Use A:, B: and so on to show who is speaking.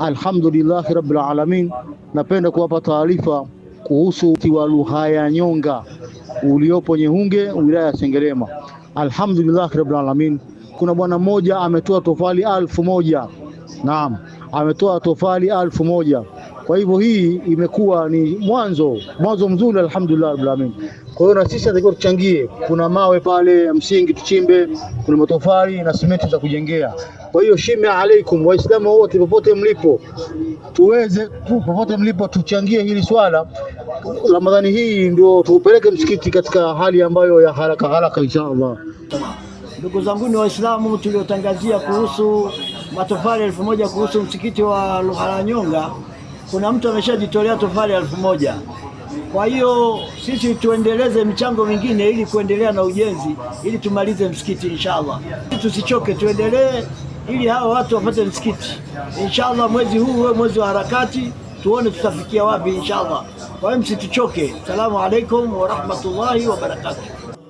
A: Alhamdulillahi rabbil alamin. Napenda kuwapa taarifa kuhusu mti wa Nyonga uliopo Nyehunge, wilaya ya Sengerema. Alhamdulillahi rabbil alamin, kuna bwana mmoja ametoa tofali alfu moja Naam, ametoa tofali alfu moja. Kwa hivyo hii imekuwa ni mwanzo mwanzo mzuri, alhamdulillah rabbil alamin. Kwa hiyo na sisi tunatakiwa tuchangie, kuna mawe pale ya msingi tuchimbe, kuna matofali na simenti za kujengea. Kwa hiyo shime alaikum, waislamu wote popote mlipo, tuweze popote mlipo tuchangie hili swala. Ramadhani hii ndio tuupeleke msikiti katika hali ambayo ya haraka haraka, insha Allah.
B: Ndugu zangu ni waislamu tuliotangazia kuhusu matofali elfu moja kuhusu msikiti wa Luhalanyonga, kuna mtu ameshajitolea tofali elfu moja. Kwa hiyo sisi tuendeleze michango mingine ili kuendelea na ujenzi ili tumalize msikiti inshallah. Tusichoke, tuendelee ili hawa watu wapate msikiti inshallah. Mwezi huu uwe mwezi wa harakati, tuone tutafikia wapi inshallah. Kwa hiyo msituchoke. Salamu alaikum wa rahmatullahi wa barakatuh.